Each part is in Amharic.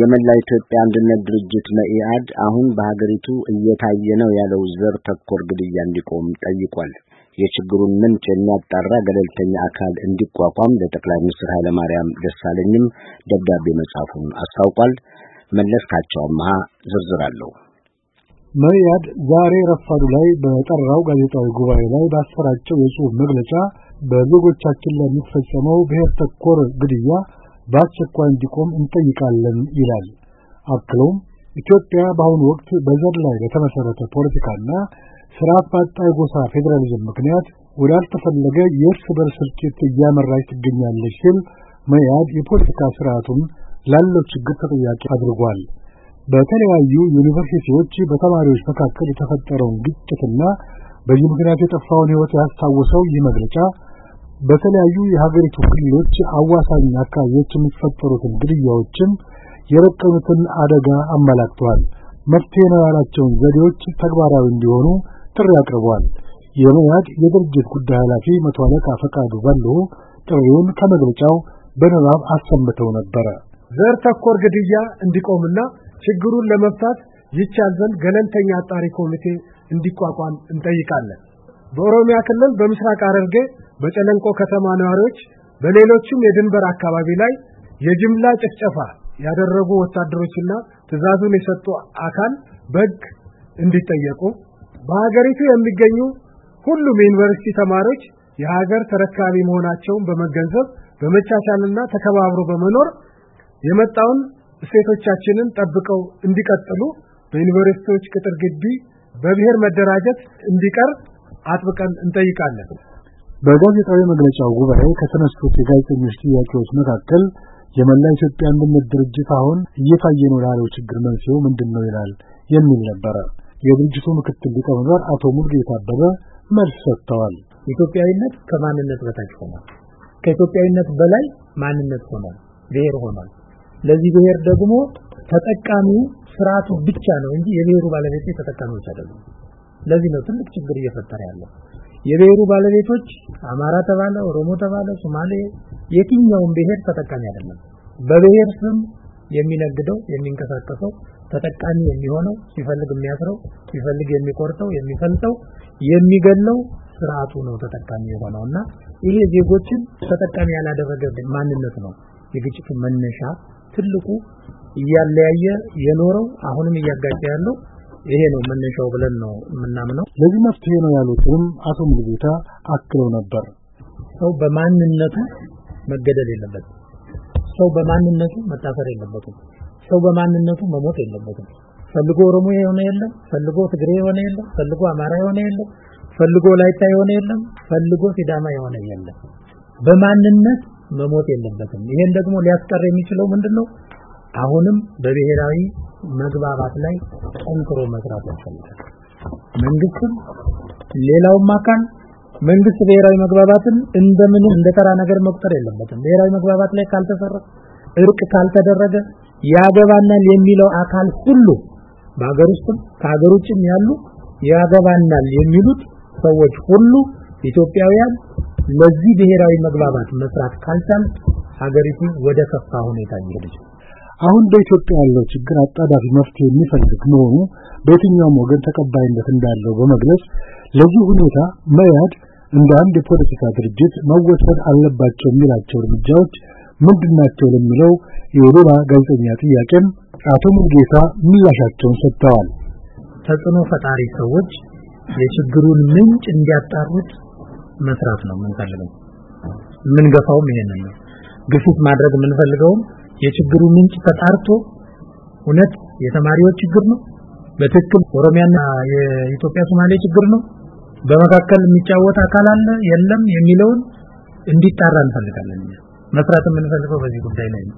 የመላ ኢትዮጵያ አንድነት ድርጅት መኢአድ አሁን በሀገሪቱ እየታየ ነው ያለው ዘር ተኮር ግድያ እንዲቆም ጠይቋል። የችግሩን ምንጭ የሚያጣራ ገለልተኛ አካል እንዲቋቋም ለጠቅላይ ሚኒስትር ኃይለማርያም ደሳለኝም ደብዳቤ መጻፉን አስታውቋል። መለስካቸው አመሃ ዝርዝር አለው። መኢአድ ዛሬ ረፋዱ ላይ በጠራው ጋዜጣዊ ጉባኤ ላይ ባሰራጨው የጽሑፍ መግለጫ በዜጎቻችን ላይ የሚፈጸመው ብሔር ተኮር ግድያ በአስቸኳይ እንዲቆም እንጠይቃለን ይላል። አክሎም ኢትዮጵያ በአሁኑ ወቅት በዘር ላይ በተመሠረተ ፖለቲካና ስርዓት ባጣ የጎሳ ፌዴራሊዝም ምክንያት ወዳልተፈለገ የእርስ በርስ እርቂት እያመራች ትገኛለች ሲል መያድ የፖለቲካ ስርዓቱን ላለው ችግር ተጠያቂ አድርጓል። በተለያዩ ዩኒቨርሲቲዎች በተማሪዎች መካከል የተፈጠረውን ግጭትና በዚህ ምክንያት የጠፋውን ሕይወት ያስታወሰው ይህ መግለጫ በተለያዩ የሀገሪቱ ክልሎች አዋሳኝ አካባቢዎች የሚፈጠሩትን ግድያዎችም የረቀኑትን አደጋ አመላክተዋል። መፍትሄ ነው ያላቸውን ዘዴዎች ተግባራዊ እንዲሆኑ ጥሪ አቅርበዋል። የመያድ የድርጅት ጉዳይ ኃላፊ መቶ አለቃ ፈቃዱ በሎ ጥሪውን ከመግለጫው በንባብ አሰምተው ነበረ። ዘር ተኮር ግድያ እንዲቆምና ችግሩን ለመፍታት ይቻል ዘንድ ገለልተኛ አጣሪ ኮሚቴ እንዲቋቋም እንጠይቃለን። በኦሮሚያ ክልል በምስራቅ ሐረርጌ በጨለንቆ ከተማ ነዋሪዎች በሌሎችም የድንበር አካባቢ ላይ የጅምላ ጭፍጨፋ ያደረጉ ወታደሮችና ትዕዛዙን የሰጡ አካል በሕግ እንዲጠየቁ፣ በሀገሪቱ የሚገኙ ሁሉም የዩኒቨርሲቲ ተማሪዎች የሀገር ተረካቢ መሆናቸውን በመገንዘብ በመቻቻልና ተከባብሮ በመኖር የመጣውን እሴቶቻችንን ጠብቀው እንዲቀጥሉ በዩኒቨርሲቲዎች ቅጥር ግቢ በብሔር መደራጀት እንዲቀር አጥብቀን እንጠይቃለን። በጋዜጣዊ መግለጫው ጉባኤ ከተነሱት የጋዜጠኞች ጥያቄዎች መካከል የመላ ኢትዮጵያ አንድነት ድርጅት አሁን እየታየ ነው ላለው ችግር መንስኤው ምንድን ነው ይላል የሚል ነበረ። የድርጅቱ ምክትል ሊቀመንበር አቶ ሙሉጌታ አበበ መልስ ሰጥተዋል። ኢትዮጵያዊነት ከማንነት በታች ሆኗል። ከኢትዮጵያዊነት በላይ ማንነት ሆኗል፣ ብሔር ሆኗል። ለዚህ ብሔር ደግሞ ተጠቃሚው ስርዓቱ ብቻ ነው እንጂ የብሔሩ ባለቤት ተጠቃሚዎች አይደሉም። ለዚህ ነው ትልቅ ችግር እየፈጠረ ያለው። የብሔሩ ባለቤቶች አማራ ተባለ፣ ኦሮሞ ተባለ፣ ሶማሌ፣ የትኛውም ብሔር ተጠቃሚ አይደለም። በብሔር ስም የሚነግደው የሚንቀሳቀሰው ተጠቃሚ የሚሆነው ሲፈልግ የሚያስረው ሲፈልግ የሚቆርጠው የሚፈልጠው የሚገለው ስርዓቱ ነው ተጠቃሚ የሆነው እና ይሄ ዜጎችን ተጠቃሚ ያላደረገ ማንነት ነው የግጭቱ መነሻ ትልቁ እያለያየ የኖረው አሁንም እያጋጨ ያለው ይሄ ነው መነሻው ብለን ነው የምናምነው። ለዚህ መፍትሄ ነው ያሉትም አቶ ሙሉጌታ አክለው ነበር። ሰው በማንነቱ መገደል የለበትም። ሰው በማንነቱ መታፈር የለበትም። ሰው በማንነቱ መሞት የለበትም። ፈልጎ ኦሮሞ የሆነ የለም፣ ፈልጎ ትግሬ የሆነ የለም፣ ፈልጎ አማራ የሆነ የለም፣ ፈልጎ ላይታ የሆነ የለም፣ ፈልጎ ሲዳማ የሆነ የለም። በማንነት መሞት የለበትም። ይሄን ደግሞ ሊያስቀር የሚችለው ምንድን ነው? አሁንም በብሔራዊ መግባባት ላይ ጠንክሮ መስራት ያስፈልጋል። መንግስትም ሌላውም አካል መንግስት ብሔራዊ መግባባትን እንደምንም እንደተራ ነገር መቁጠር የለበትም። ብሔራዊ መግባባት ላይ ካልተሰራ፣ እርቅ ካልተደረገ ያገባናል የሚለው አካል ሁሉ በሀገር ውስጥም ከሀገር ውጭም ያሉ ያገባናል የሚሉት ሰዎች ሁሉ ኢትዮጵያውያን ለዚህ ብሔራዊ መግባባት መስራት ካልቻል ሀገሪቱ ወደ ከፋ ሁኔታ አሁን በኢትዮጵያ ያለው ችግር አጣዳፊ መፍትሄ የሚፈልግ መሆኑ በየትኛውም ወገን ተቀባይነት እንዳለው በመግለጽ ለዚህ ሁኔታ መያድ እንደ አንድ የፖለቲካ ድርጅት መወሰድ አለባቸው የሚላቸው እርምጃዎች ምንድን ናቸው ለሚለው የሌላ ጋዜጠኛ ጥያቄም አቶ ሙሉጌታ ምላሻቸውን ሰጥተዋል። ተጽዕኖ ፈጣሪ ሰዎች የችግሩን ምንጭ እንዲያጣሩት መስራት ነው የምንፈልገው። የምንገፋውም ይሄንን ነው። ግፊት ማድረግ የምንፈልገውም የችግሩ ምንጭ ተጣርቶ እውነት የተማሪዎች ችግር ነው በትክክል ኦሮሚያና የኢትዮጵያ ሶማሌ ችግር ነው በመካከል የሚጫወት አካል አለ የለም የሚለውን እንዲጣራ እንፈልጋለን መስራት የምንፈልገው በዚህ ጉዳይ ላይ ነው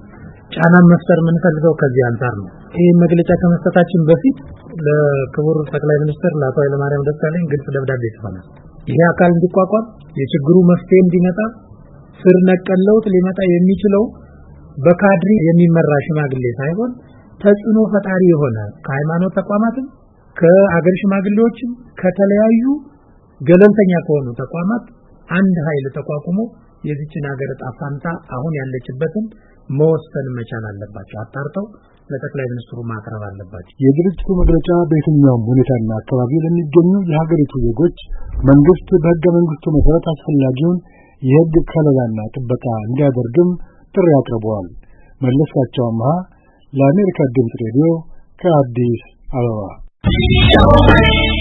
ጫና መፍጠር የምንፈልገው ከዚህ አንጻር ነው ይህ መግለጫ ከመስጠታችን በፊት ለክቡር ጠቅላይ ሚኒስትር ለአቶ ኃይለማርያም ደሳለኝ ግልጽ ደብዳቤ ጽፈናል ይሄ አካል እንዲቋቋም የችግሩ መፍትሄ እንዲመጣ ስር ነቀል ለውጥ ሊመጣ የሚችለው በካድሪ የሚመራ ሽማግሌ ሳይሆን ተጽዕኖ ፈጣሪ የሆነ ከሃይማኖት ተቋማትም ከአገር ሽማግሌዎችም ከተለያዩ ገለልተኛ ከሆኑ ተቋማት አንድ ኃይል ተቋቁሞ የዚችን ሀገር ዕጣ አሁን ያለችበትን መወሰን መቻል አለባቸው። አጣርተው ለጠቅላይ ሚኒስትሩ ማቅረብ አለባቸው። የድርጅቱ መግለጫ በየትኛውም ሁኔታና አካባቢ ለሚገኙ የሀገሪቱ ዜጎች መንግስት በህገ መንግስቱ መሰረት አስፈላጊውን የህግ ከለላና ጥበቃ እንዲያደርግም ጥሪ አቅርበዋል። መለስካቸው አመሃ! ለአሜሪካ ድምፅ ሬዲዮ ከአዲስ አበባ